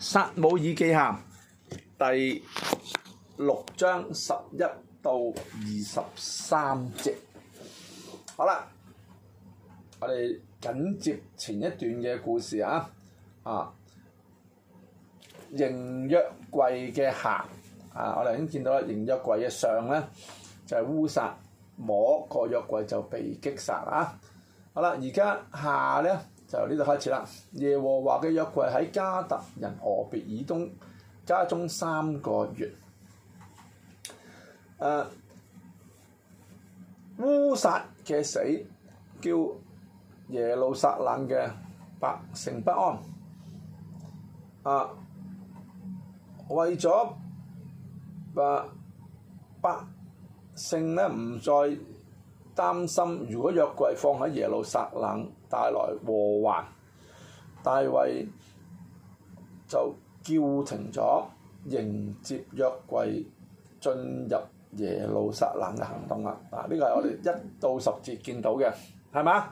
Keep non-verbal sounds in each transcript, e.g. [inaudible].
《撒母耳記下》第六章十一到二十三節，好啦，我哋緊接前一段嘅故事啊，啊，迎約櫃嘅下啊，我哋已經見到啦，迎約櫃嘅上咧就係烏撒摸個約櫃就被擊殺啊，好啦，而家下咧。就呢度開始啦。耶和華嘅約櫃喺加特人俄別以東家中三個月。誒、啊、烏撒嘅死，叫耶路撒冷嘅百姓不安。啊，為咗百姓呢，唔再。擔心如果約櫃放喺耶路撒冷，帶來禍患。大衛就叫停咗迎接約櫃進入耶路撒冷嘅行動啦。嗱、啊，呢個係我哋一到十節見到嘅，係嘛？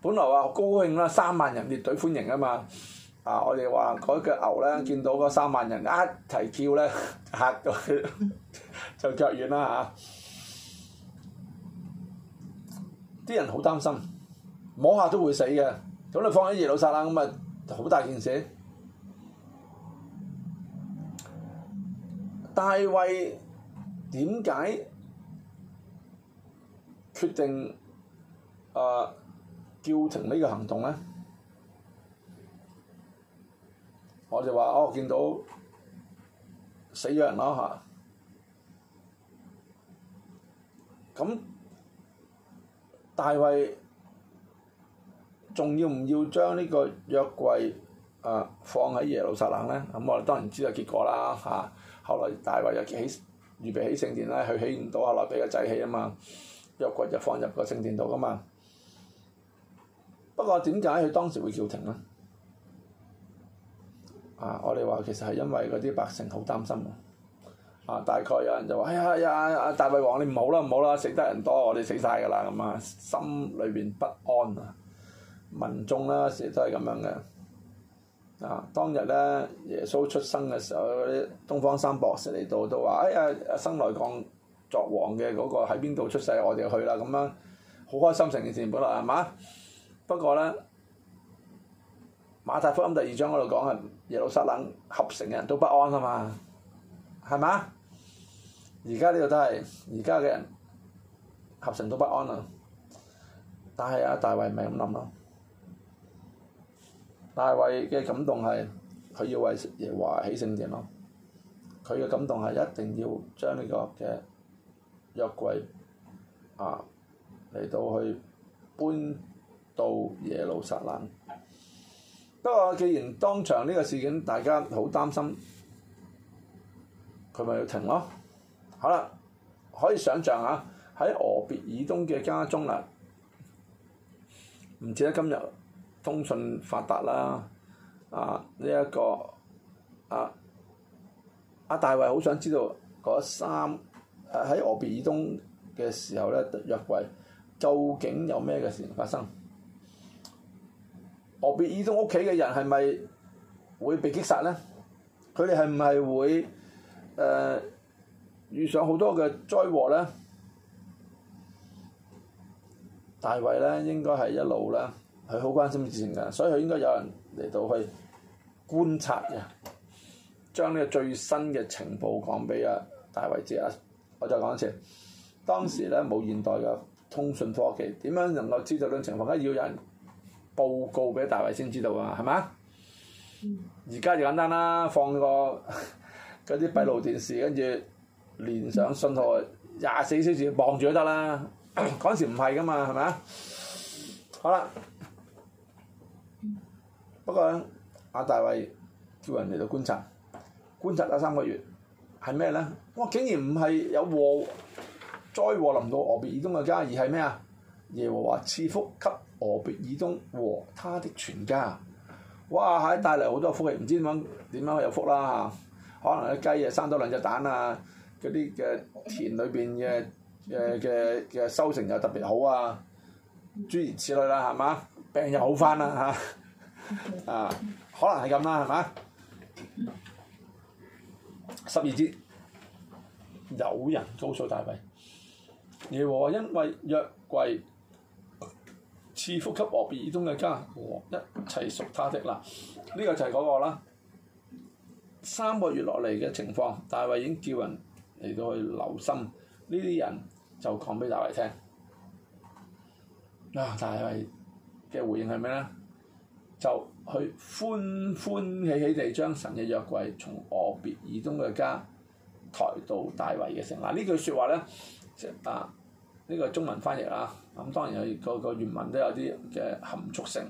本來話高高興啦，三萬人列隊歡迎啊嘛。啊，我哋話嗰隻牛咧，見到嗰三萬人一、啊、齊叫咧，嚇到 [laughs] 就腳軟啦嚇。啊啲人好擔心，摸下都會死嘅，咁你放喺耶路撒冷咁咪好大件事。大衛點解決定啊叫停呢個行動咧？我就話：哦，見到死咗人囉吓，咁、啊。大衛仲要唔要將呢個約櫃啊放喺耶路撒冷咧？咁、嗯、我哋當然知道結果啦嚇、啊。後來大衛又起預備起聖殿咧，佢、啊、起唔到，後來俾個仔起啊嘛。約櫃就放入個聖殿度噶嘛。不過點解佢當時會叫停咧？啊，我哋話其實係因為嗰啲百姓好擔心啊。啊！大概有人就話：哎呀呀大衛王，你唔好啦唔好啦，死得人多，我哋死晒㗎啦！咁啊，心裏邊不安啊。民眾咧，成日都係咁樣嘅。啊！當日咧，耶穌出生嘅時候，嗰啲東方三博士嚟到都話：哎呀，生來降作王嘅嗰個喺邊度出世？我哋去啦！咁樣好開心，成件事本來係嘛？不過咧，《馬太福音》第二章嗰度講啊，耶路撒冷合城嘅人都不安啊嘛，係嘛？而家呢個都係，而家嘅人合成都不安啊！但係阿大衛唔係咁諗咯。大衛嘅感動係，佢要為耶華起聖殿咯。佢嘅感動係一定要將呢個嘅約櫃啊嚟到去搬到耶路撒冷。不過，既然當場呢個事件大家好擔心，佢咪要停咯？好啦，可以想象吓，喺俄別以東嘅家中啦，唔知得今日通訊發達啦，啊呢一個啊阿大衞好想知道嗰三誒喺、啊、俄別以東嘅時候咧，約櫃究竟有咩嘅事情發生？俄別以東屋企嘅人係咪會被擊殺咧？佢哋係唔係會誒？呃遇上好多嘅災禍咧，大衛咧應該係一路咧係好關心事情嘅，所以佢應該有人嚟到去觀察嘅，將呢個最新嘅情報講俾阿大衛知啊！我再講一次，當時咧冇現代嘅通訊科技，點樣能夠知道呢種情況？梗係要有人報告俾大衛先知道啊，係嘛？而家就簡單啦，放個嗰啲閉路電視，跟住，連上信號廿四小時望住都得啦！嗰陣時唔係噶嘛，係咪啊？好啦，不過阿、啊、大衛叫人嚟到觀察，觀察咗三個月係咩咧？我竟然唔係有禍災禍臨到俄別以東嘅家，而係咩啊？耶和華賜福給俄別以東和他的全家，哇！係帶嚟好多福氣，唔知點樣點樣有福啦嚇、啊！可能啲雞啊生多兩隻蛋啊～嗰啲嘅田裏邊嘅嘅嘅嘅收成又特別好啊，諸如此類啦，係嘛？病又好翻啦嚇，啊，Okay. 啊，可能係咁啦，係嘛？Okay. 十二節 [noise] 有人告訴大衛，耶和因為約櫃賜福給俄別以東嘅家，和一齊屬他的嗱，呢、啊、 [noise] 個就係嗰個啦。三個月落嚟嘅情況，大衛已經叫人。嚟到去留心、啊、呢啲人，就講俾大衞聽。嗱，大衞嘅回應係咩咧？就去歡歡喜喜地將神嘅約櫃從俄別以東嘅家抬到大衞嘅城。嗱，呢句説話咧，即啊，呢啊、呢個中文翻譯啊，咁當然係個個原文都有啲嘅含蓄性。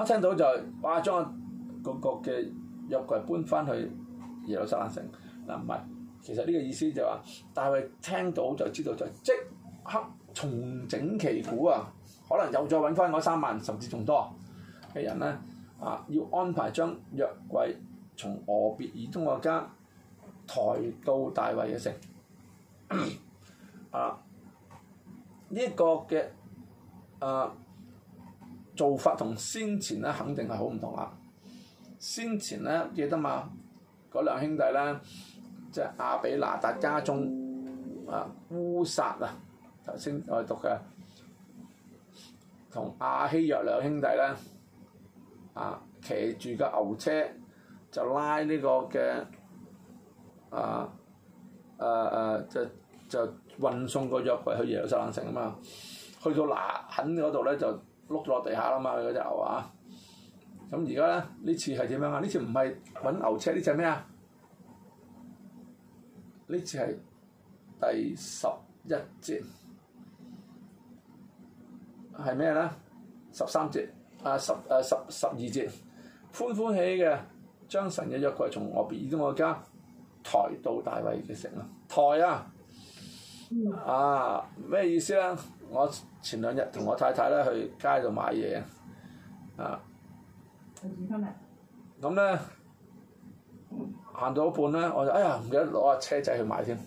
一聽到就係、是，哇！將個個嘅約櫃搬翻去耶路撒冷城。嗱、啊，唔係。其實呢個意思就話，大衛聽到就知道就即刻重整旗鼓啊，可能又再揾翻嗰三萬甚至仲多嘅人呢，啊，要安排將約櫃從俄別以東嘅家抬到大衛嘅城， [coughs] 啊，呢、呢個嘅、啊、做法同先前咧肯定係好唔同啦。先前呢，記得嘛，嗰兩兄弟呢。即係亞比拿達家中啊，烏撒啊，頭先我哋讀嘅，同亞希約兩兄弟咧啊，騎住架牛車就拉呢個嘅啊啊啊就就運送個約櫃去耶路撒冷城啊嘛，去到拿肯嗰度咧就碌落地下啦嘛，嗰隻、那個、牛啊，咁而家咧呢次係點樣啊？呢次唔係揾牛車，呢次咩啊？呢次係第十一節，係咩咧？十三節，啊十啊十十二節，歡歡喜嘅，將神嘅約櫃從俄別以東家抬到大衛嘅城啊！抬啊！啊咩意思咧？我前兩日同我太太咧去街度買嘢啊。咁咧。行到一半咧，我就哎呀，唔記得攞下車仔去買添，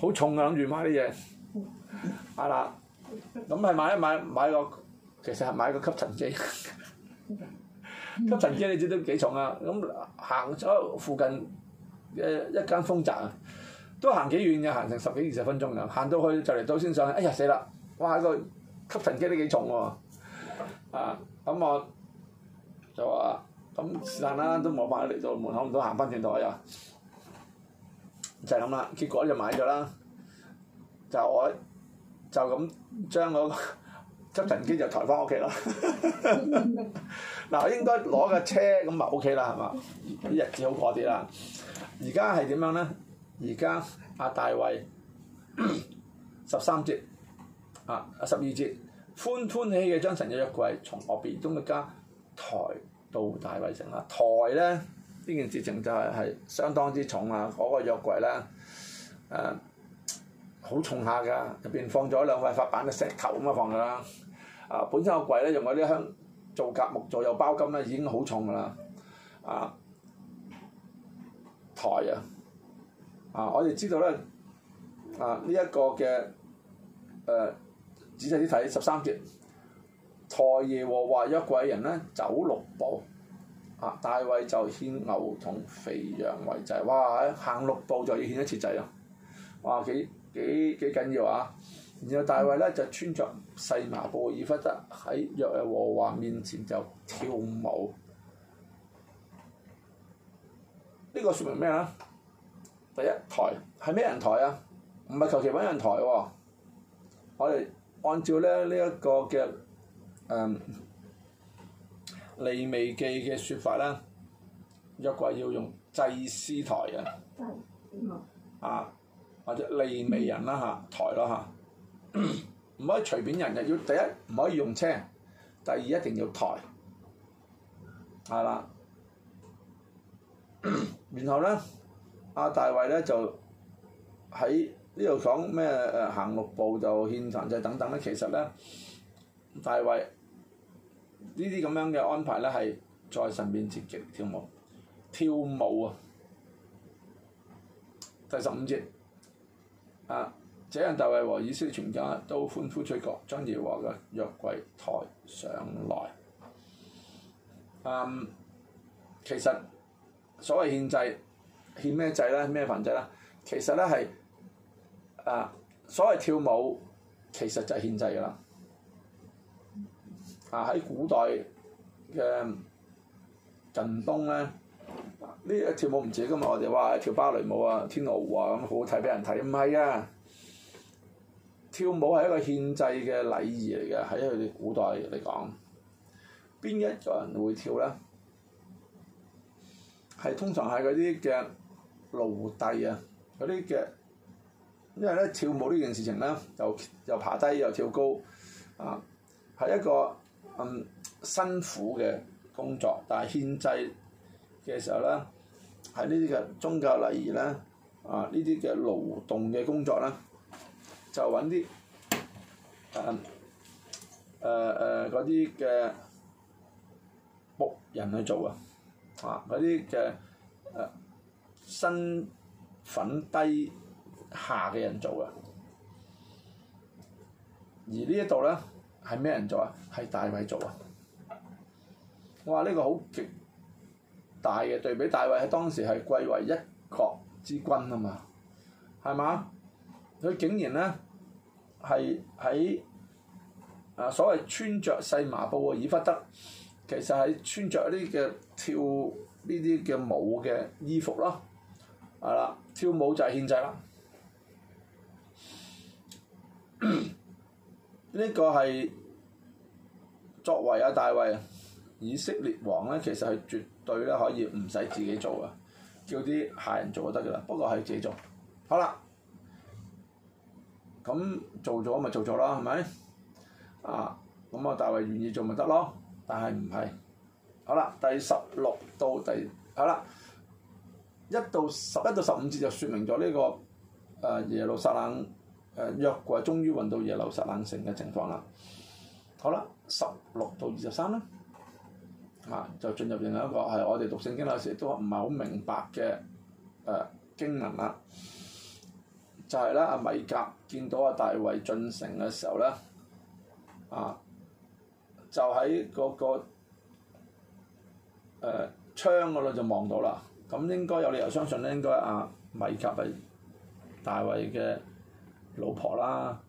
好重啊！諗住買啲嘢，阿乸咁係買一買買一個，其實係買個吸塵機。 [laughs] 吸塵機你知都幾重啊？咁行咗附近誒一間豐澤，啊，都行幾遠嘅，行成十幾二十分鐘㗎。行到去就嚟到先上，哎呀死啦！哇個吸塵機都幾重喎，啊，啊咁我就話。咁時間啦，都冇辦法嚟到門口，唔到行翻轉台又就係咁啦。結果就買咗啦。就我就咁將嗰、那個、 [laughs] 執塵機就抬翻屋企啦。嗱 [laughs] [laughs] [laughs] 應該攞架車咁咪 O K 啦，係嘛？啲日子好過啲啦。而家係點樣咧？而家阿大衞 [coughs] 十三節啊，十二節歡歡喜喜嘅將神約約櫃從惡別中嘅家抬。到大衛城啦，抬咧呢件事情就係、是、係相當之重啊！嗰、那個約櫃咧，誒、呃、好重下噶，入邊放咗兩塊法版嘅石頭咁啊放噶啦、呃。啊，本身個櫃咧用嗰啲香皂莢木做又包金咧，已經好重噶啦。啊，抬啊！啊，我哋知道咧，啊呢一個嘅誒仔細啲睇十三節。抬耶和華約櫃嘅人咧走六步，啊！大衛就牽牛同肥羊為祭，哇！行六步就要牽一次祭咯，哇！幾幾幾緊要啊！然後大衛咧就穿着細麻布以弗得喺耶和華面前就跳舞，呢、這個説明咩啊？第一抬係咩人抬啊？唔係求其揾人抬喎、啊，我哋按照咧呢一個嘅。誒、um, 利未記嘅説法啦，約櫃要用祭司抬嘅，嗯、啊或者利未人啦嚇、啊，抬咯嚇，唔、啊、 [coughs] 可以隨便人嘅，要第一唔可以用車，第二一定要抬，係啦， [coughs] 然後咧阿、啊、大衛咧就喺呢度講咩誒、啊、行六步就獻燔祭等等咧，其實咧大衛。呢啲咁樣嘅安排咧，係再順便節極跳舞。跳舞啊！第十五節啊，這樣大衛和以色列全家都歡呼吹角，將耶和華嘅約櫃抬上來。嗯，其實所謂獻祭，獻咩祭咧？咩燔祭啦？其實咧係啊，所謂跳舞，其實就係獻祭啦。啊！喺古代嘅近東咧，呢一跳舞唔止噶嘛，我哋話跳芭蕾舞啊、天鵝湖啊咁好好睇俾人睇，唔係啊！跳舞係一個獻祭嘅禮儀嚟嘅，喺佢哋古代嚟講，邊一個人會跳咧？係通常係嗰啲嘅奴隸啊，嗰啲嘅，因為咧跳舞呢件事情咧，又又爬低又跳高，啊，係一個。嗯，辛苦嘅工作，但係獻祭嘅時候咧，喺呢啲嘅宗教禮儀咧，啊呢啲嘅勞動嘅工作咧，就揾啲誒誒誒嗰啲嘅僕人去做啊，啊嗰啲嘅誒身份低下嘅人做啊。而呢一度咧。係咩人做啊？係大衛做啊！我話呢個好極大嘅對比，大衛喺當時係貴為一國之君啊嘛，係嘛？佢竟然咧係喺啊所謂穿着細麻布嘅以弗得，其實係穿着啲嘅跳呢啲嘅舞嘅衣服咯，係、啊、啦，跳舞就係獻祭啦。 [coughs] 呢個係作為阿大衛以色列王咧，其實係絕對咧可以唔使自己做啊，叫啲下人做就得㗎啦。不過係自己做，好啦，咁做咗咪做咗啦，係咪？啊，咁啊，大衛願意做咪得咯，但係唔係。好啦，第十六到第好啦，一到十、這個，一到十五節就説明咗呢個誒耶路撒冷。誒約櫃終於運到耶路撒冷城嘅情況啦，好啦，十六、啊呃就是啊、到二十三咧，啊就進入另外一個係我哋讀聖經嗰時都唔係好明白嘅誒經文啦，就係咧阿米甲見到阿大衛進城嘅時候咧，啊就喺嗰個窗嗰度就望到啦，咁應該有理由相信咧，應該阿、啊、米甲係大衛嘅。老婆啦，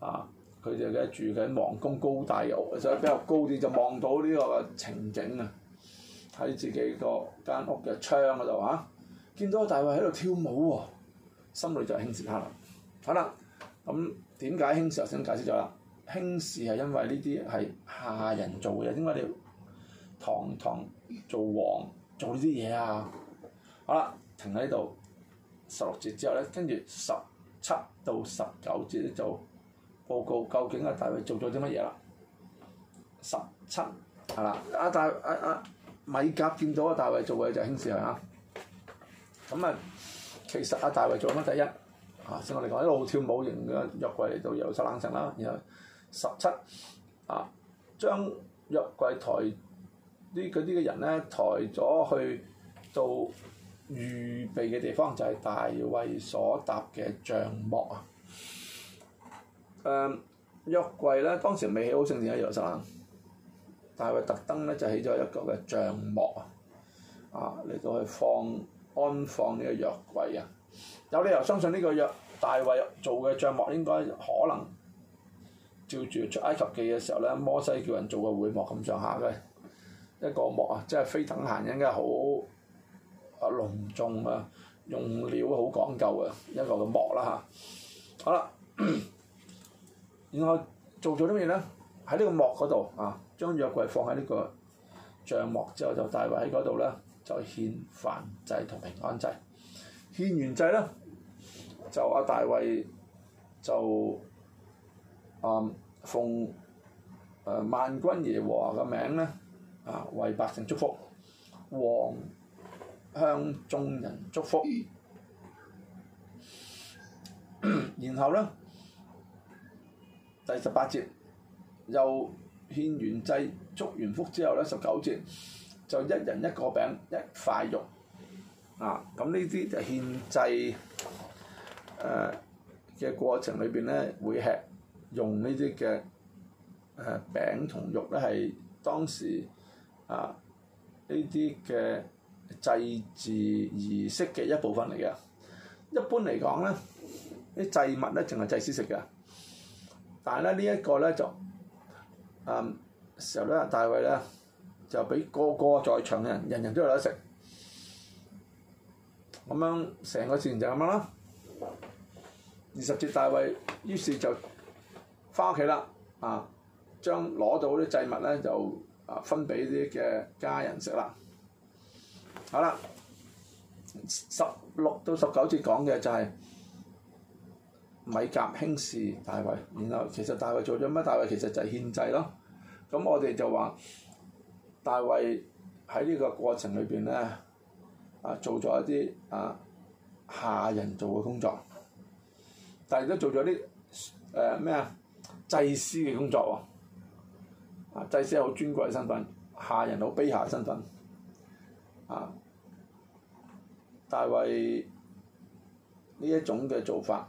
啊，佢就嘅住緊皇宮高大屋，所以比較高啲就望到呢個情景啊，喺自己個間屋嘅窗嗰度啊，見到個大衛喺度跳舞喎，心裏就輕視他啦，好啦，咁點解輕視？頭先解釋咗啦，輕視係因為呢啲係下人做嘅嘢，點解你要堂堂做王做呢啲嘢啊？好啦，停喺度十六節之後咧，跟住十。七到十九節咧就報告究竟阿大衛做咗啲乜嘢啦？十七係啦，阿大阿阿米甲見到阿大衛做嘅就輕視佢嚇。咁啊、嗯，其實阿、啊、大衛做咗乜？第一啊，先我哋講一路跳舞型嘅約櫃嚟到又出冷靜啦，然後十七啊，將約櫃抬啲嗰啲嘅人咧抬咗去做。預備嘅地方就係、是、大衛所搭嘅帳幕啊！誒、嗯、約櫃咧，當時未起好聖殿嘅藥箱，大衛特登咧就起咗一個嘅帳幕啊！啊，嚟到去放安放呢個約櫃啊！有理由相信呢個約大衛做嘅帳幕應該可能照住出埃及記嘅時候咧，摩西叫人做嘅會幕咁上下嘅一個幕啊！即係非等閒應該好，啊，隆重啊，用料好講究嘅一個嘅幕啦嚇，好、啊、啦，然後做咗啲咩咧？喺呢個幕嗰度啊，將約櫃放喺呢個帳幕之後，就大衛喺嗰度咧就獻燔祭同平安祭，獻完祭咧，就阿、啊、大衛就啊奉誒、啊、萬軍耶和華嘅名咧啊為百姓祝福王。向眾人祝福， [coughs] 然後咧，第十八節又獻完祭、祝完福之後咧，十九節就一人一個餅、一塊肉，啊！咁呢啲就獻祭誒嘅、呃、過程裏邊咧，會吃用呢啲嘅誒餅同肉咧，係當時啊呢啲嘅。祭祀儀式嘅一部分嚟嘅，一般嚟講咧，啲祭物咧淨係祭司食嘅，但係咧呢一、這個咧就，誒、嗯、時候咧大衛咧就俾個個個在場嘅人，人人都有得食，咁樣成個事情就咁樣啦。二十節大衛於是就返屋企啦，啊，將攞到啲祭物咧就啊分俾啲嘅家人食啦。好啦，十六到十九節講嘅就係米甲輕視大衛，然後其實大衛做咗咩？大衛其實就係獻祭咯。咁我哋就話大衛喺呢個過程裏邊咧，啊做咗一啲啊下人做嘅工作，但係都做咗啲誒咩啊祭司嘅工作啊。祭司係好尊貴嘅身份，下人好卑下身份。啊！大衛呢一種嘅做法，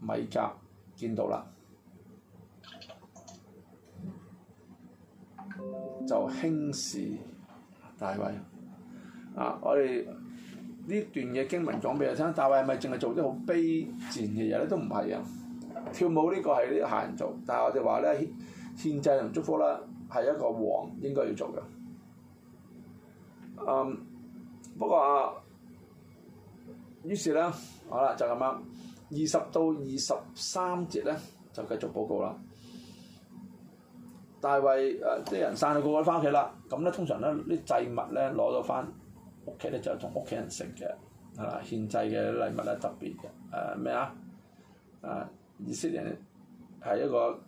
米甲見到啦，就輕視大衛。啊！我哋呢段嘢經文講俾你聽，看看大衛係咪淨係做啲好卑賤嘅嘢咧？都唔係啊！跳舞呢個係啲下人做，但係我哋話咧獻祭同祝福咧係一個王應該要做嘅。誒、um, 不過啊，於是咧，好啦，就咁樣，二十到二十三節咧就繼續報告啦。大衛誒啲人散咗，個個翻屋企啦，咁咧通常咧啲祭物咧攞咗翻屋企咧就同屋企人食嘅，係啦，獻祭嘅禮物咧特別嘅誒咩啊？誒，以色列人係一個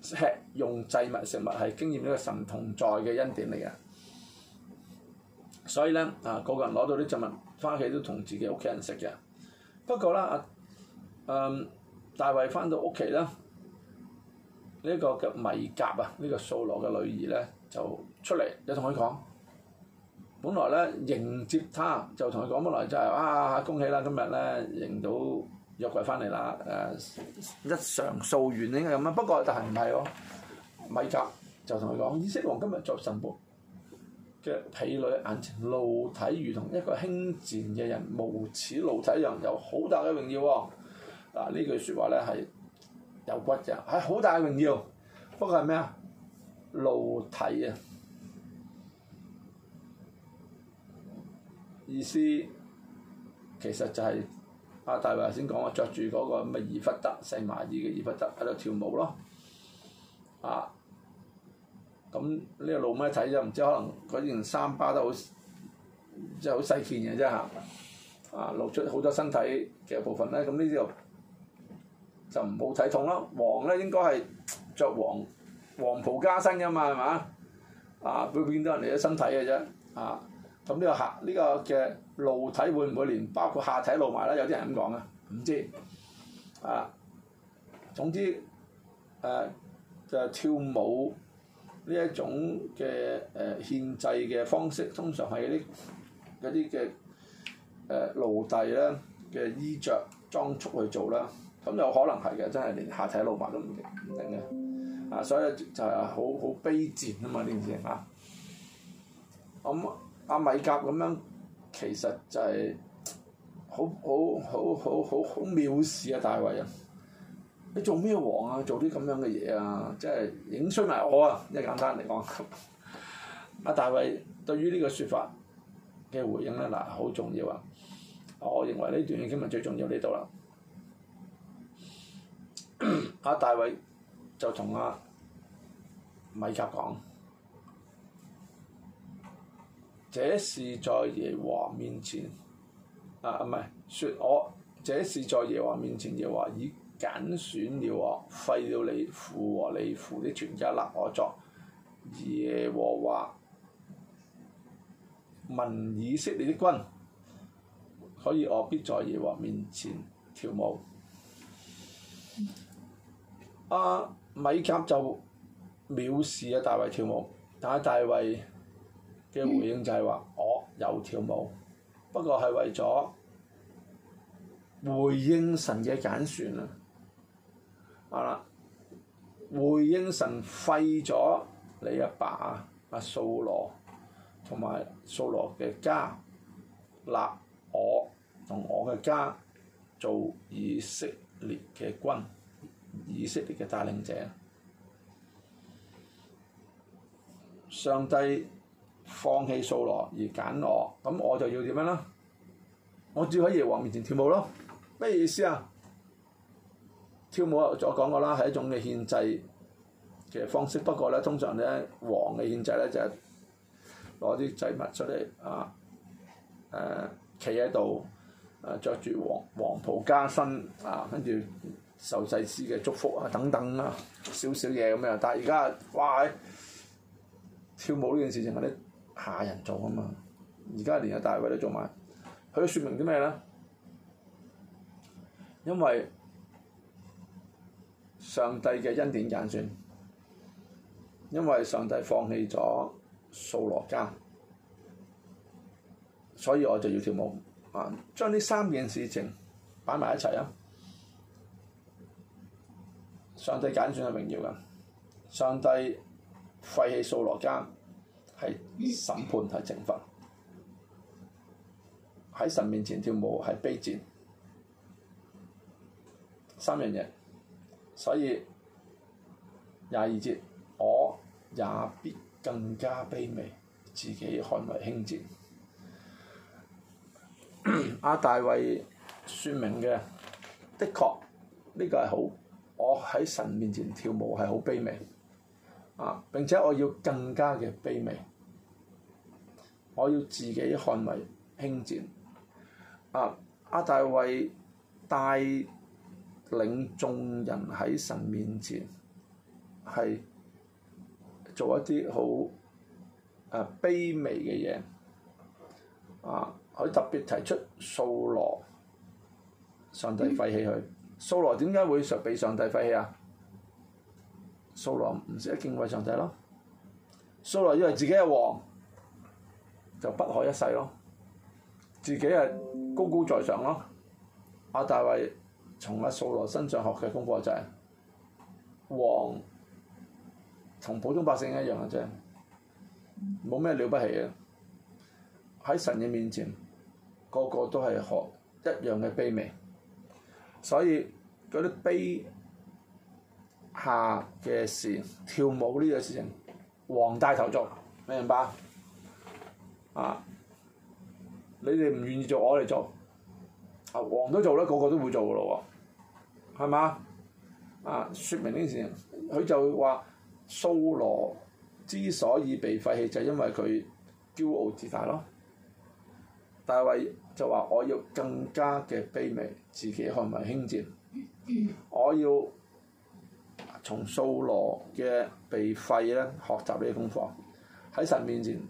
吃用祭物食物係經驗呢個神同在嘅恩典嚟嘅。所以咧，啊，個個人攞到啲植物翻屋企都同自己屋企人食嘅。不過啦，啊，嗯、啊，大衛翻到屋企啦，呢、這個嘅米甲啊，呢、這個掃羅嘅女兒咧就出嚟，就同佢講。本來咧迎接他，就同佢講本來就係、是，啊，恭喜啦，今日咧迎到約櫃翻嚟啦，誒、啊、一場夙願應該咁啦。不過但係唔係喎，米甲就同佢講，以色列王今日作神僕。即婢女眼前露體，如同一個輕賤嘅人無恥露體一樣，有好大嘅榮耀喎！嗱、啊，呢句説話咧係有骨嘅，係好大嘅榮耀，不過係咩啊？露體啊！意思其實就係阿大衛頭先講啊，着住嗰個咁嘅以弗得，細麻衣嘅以弗得，喺度跳舞咯，啊！咁呢個老媽睇咗，唔知可能嗰件衫包得好，即係好細件嘅啫嚇，啊露出好多身體嘅部分咧，咁、啊、呢啲就就唔好睇痛咯。黃咧應該係着黃黃袍加身嘅嘛，係嘛？啊，會見到人哋嘅身體嘅、啊、啫，啊，咁、這、呢個下呢、這個嘅露體會唔會連包括下體露埋咧？有啲人咁講啊，唔知啊。總之誒、啊、就係、跳舞。呢一種嘅誒獻祭嘅方式，通常係嗰啲啲嘅誒奴隸咧嘅衣着裝束去做啦，咁有可能係嘅，真係連下體老闆都唔定唔定嘅，啊，所以就係好好卑賤啊嘛呢件事啊，咁阿、啊啊、米甲咁樣其實就係好好好好好好藐視啊大衞人。你做咩王啊？做啲咁樣嘅嘢啊！即係影衰埋我啊！即係簡單嚟講，阿、 [laughs] 啊、大衛對於呢個説法嘅回應咧，嗱、啊、好重要啊！我認為呢段嘢今日最重要呢度啦。阿、 [coughs] 啊、大衛就同阿、啊、米甲講，這是在耶和華面前，啊唔係，説我這是在耶和華面前，耶和華揀選了我，廢了你父和你父的全家立我作耶和華民以色列的君，所以我必在耶和華面前跳舞。阿、啊、米甲就藐視啊大衛跳舞，但係大衛嘅回應就係話我有跳舞，不過係為咗回應神嘅揀選啊！係啦，回應神廢咗你阿爸阿掃羅同埋掃羅嘅家，立我同我嘅家做以色列嘅君，以色列嘅帶領者。上帝放棄掃羅而揀我，咁我就要點樣啦？我只要喺耶和華面前跳舞咯。咩意思啊？跳舞我講過啦，係一種嘅獻祭嘅方式。不過咧，通常咧，王嘅獻祭咧就係攞啲祭物出嚟啊，誒、呃，企喺度，誒，着住王王袍加身啊，跟住、啊、受祭司嘅祝福等等啊，等等啦，少少嘢咁樣。但係而家，哇！哎、跳舞呢件事情係啲下人做啊嘛，而家連啊大衛都做埋，佢都説明啲咩咧？因為上帝嘅恩典揀選，因為上帝放棄咗掃羅家，所以我就要跳舞。啊，將呢三件事情擺埋一齊啊！上帝揀選係榮耀㗎，上帝廢棄掃羅家係審判係懲罰，喺神面前跳舞係卑賤，三樣嘢。所以廿二,二節，我也必更加卑微，自己看為輕賤。阿、 [coughs] 啊、大衛説明嘅，的確呢個係好，我喺神面前跳舞係好卑微，啊！並且我要更加嘅卑微，我要自己看為輕賤。啊！阿、啊、大衛大。領眾人喺神面前，係做一啲好、呃、卑微嘅嘢啊！佢特別提出掃羅，上帝廢棄佢。掃羅點解會被上帝廢棄啊？掃羅唔識得敬畏上帝咯，掃羅以為自己係王，就不可一世咯，自己係高高在上咯，阿大衛。從阿掃羅身上學嘅功課就係，王同普通百姓一樣嘅啫，冇咩了不起嘅，喺神嘅面前，個個都係學一樣嘅卑微，所以嗰啲卑下嘅事，跳舞呢個事情，王帶頭做，明唔明白？啊，你哋唔願意做，我嚟做。王都做啦，個個都會做噶咯喎，係嘛？啊，説明呢件事，佢就話蘇羅之所以被廢棄，就係因為佢驕傲自大咯。大衛就話我要更加嘅卑微，自己看埋輕賤，我要從蘇羅嘅被廢咧學習呢啲功課，喺神面前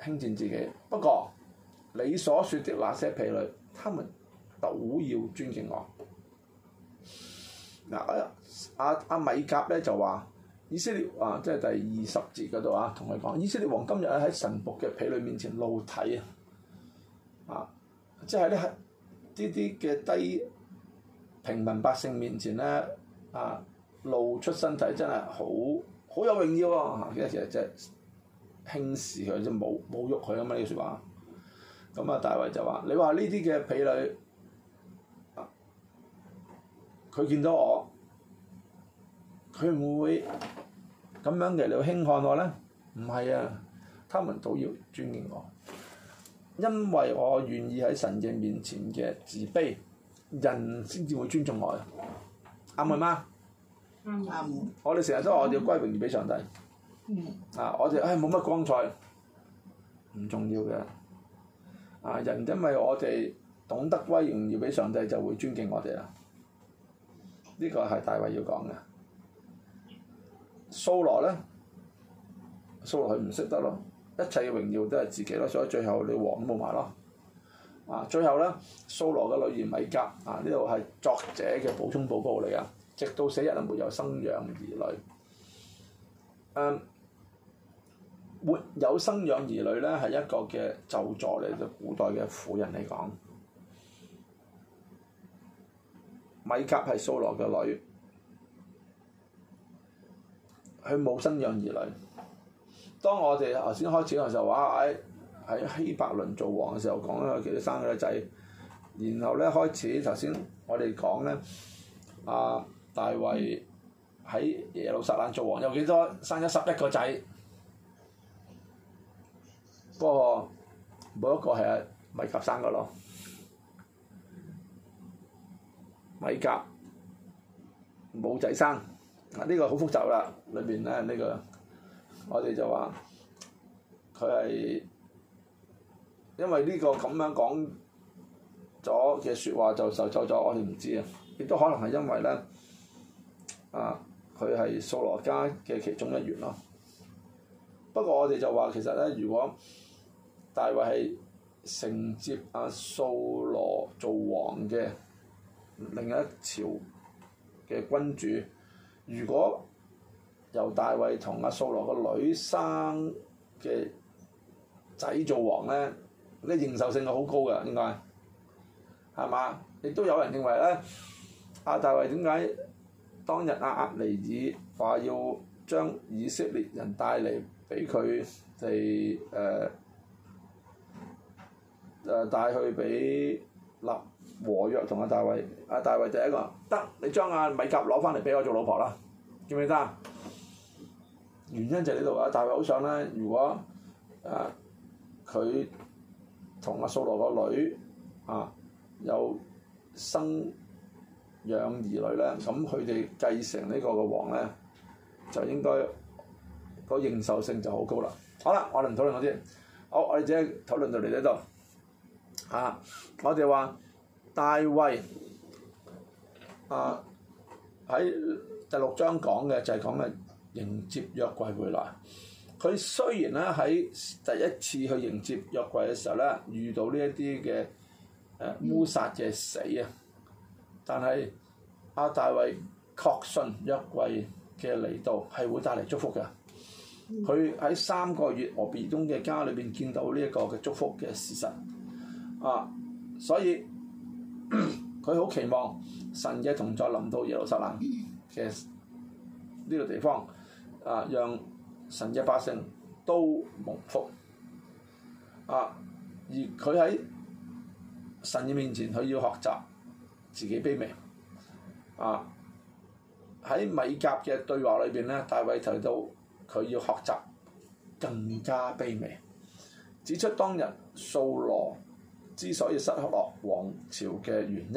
輕賤自己。不過你所說的那些婢女，他們都要尊敬我。嗱、啊，阿、啊、阿、啊、米甲咧就話：以色列啊，即係第二十節嗰度啊，同佢講，以色列王今日喺神僕嘅婢女面前露體啊！啊，即係咧，喺啲啲嘅低平民百姓面前咧，啊，露出身體真係好好有榮耀喎！其實即係輕視佢，就冇冇喐佢啊嘛呢句說話。咁啊，大衛就話：你話呢啲嘅婢女，佢見到我，佢會唔會咁樣嘅嚟輕看我咧？唔係啊，他們都要尊敬我，因為我願意喺神嘅面前嘅自卑，人先至會尊重我。啱唔啱？啱。我哋成日都話：我哋要歸榮耀俾上帝。嗯、啊，我哋唉冇乜光彩，唔重要嘅。啊！人因為我哋懂得歸榮，要俾上帝就會尊敬我哋啦。呢個係大衛要講嘅。蘇羅咧，蘇羅佢唔識得咯，一切嘅榮耀都係自己咯，所以最後你王冇埋咯。啊，最後咧，蘇羅嘅女兒米甲，啊，呢度係作者嘅補充報告嚟噶，直到死日都沒有生養兒女。嗯有生養兒女咧，係一個嘅咒詛嚟嘅。古代嘅婦人嚟講，米甲係掃羅嘅女，佢冇生養兒女。當我哋頭先開始嘅時候，話喺希伯倫做王嘅時候講咧，佢生咗仔。然後咧，開始頭先我哋講咧，阿、啊、大衛喺耶路撒冷做王，有幾多？生咗十一個仔。嗰個冇一個係米甲生個咯，米甲冇仔生啊！呢個好複雜啦，裏邊咧呢個我哋就話佢係因為呢個咁樣講咗嘅説話就受阻咗，我哋唔知啊！亦都可能係因為咧啊，佢係索羅家嘅其中一員咯。不過我哋就話其實咧，如果大衛係承接阿掃羅做王嘅另一朝嘅君主，如果由大衛同阿掃羅個女生嘅仔做王咧，呢認受性係好高嘅，應該係嘛？亦都有人認為咧，阿大衛點解當日押尼珥話要將以色列人帶嚟俾佢哋誒，呃誒，帶去俾立和約同阿大衛，阿大衛第一個得，你將阿米甲攞翻嚟俾我做老婆啦，見唔見得啊？原因就喺呢度啊！大衛好想咧，如果誒佢同阿掃羅個女啊有生養兒女咧，咁佢哋繼承個呢個嘅王咧，就應該、那個認受性就好高啦。好啦，我哋唔討論咗先，好，我哋只係討論到嚟呢度。啊！我哋話大衛啊，喺第六章講嘅就係講嘅迎接約櫃回來。佢雖然咧喺第一次去迎接約櫃嘅時候咧，遇到呢一啲嘅誒烏撒嘅死啊，但係阿、啊、大衛確信約櫃嘅嚟到係會帶嚟祝福嘅。佢喺三個月俄別以東嘅家裏邊見到呢一個嘅祝福嘅事實。啊！所以佢好 [coughs] 期望神嘅同在臨到耶路撒冷嘅呢個地方，啊，讓神嘅百姓都蒙福。啊！而佢喺神嘅面前，佢要學習自己卑微。啊！喺米甲嘅對話裏邊咧，大衛提到佢要學習更加卑微，指出當日掃羅，之所以失落皇朝嘅原因，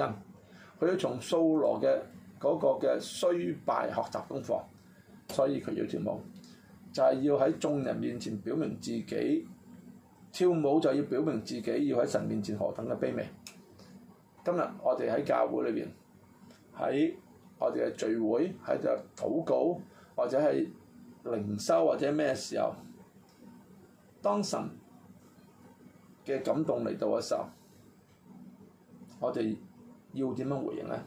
佢要從掃羅嘅嗰個嘅衰敗學習功課，所以佢要跳舞，就係要喺眾人面前表明自己，跳舞就要表明自己要喺神面前何等嘅卑微。今日我哋喺教會裏邊，喺我哋嘅聚會，喺度禱告或者係靈修或者咩時候，當神嘅感動嚟到嘅時候，我哋要點樣回應呢？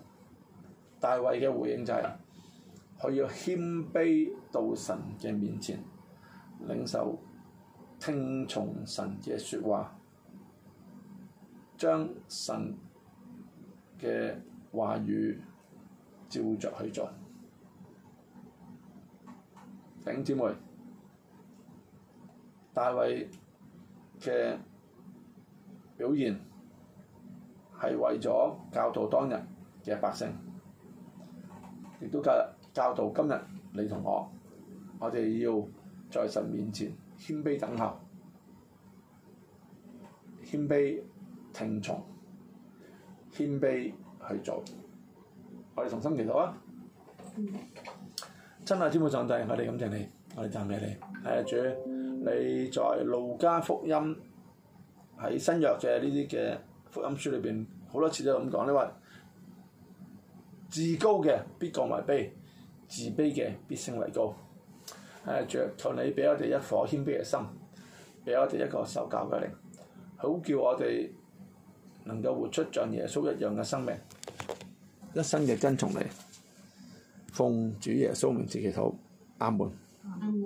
大衛嘅回應就係、是，佢要謙卑到神嘅面前，領受、聽從神嘅説話，將神嘅話語照着去做。咁，姊妹，大衛嘅。表現係為咗教導當日嘅百姓，亦都教教導今日你同我，我哋要在神面前謙卑等候，謙卑聽從，謙卑去做。我哋同心祈禱啊！真係天父上帝，我哋感謝你，我哋讚美你。係啊，主，你在路加福音。喺新約嘅呢啲嘅福音書裏邊，好多次都咁講，你話自高嘅必降為卑，自卑嘅必升為高。誒、啊，著求你俾我哋一顆謙卑嘅心，俾我哋一個受教嘅力，好叫我哋能夠活出像耶穌一樣嘅生命，一生嘅跟從你。奉主耶穌名字祈禱，阿門。阿門。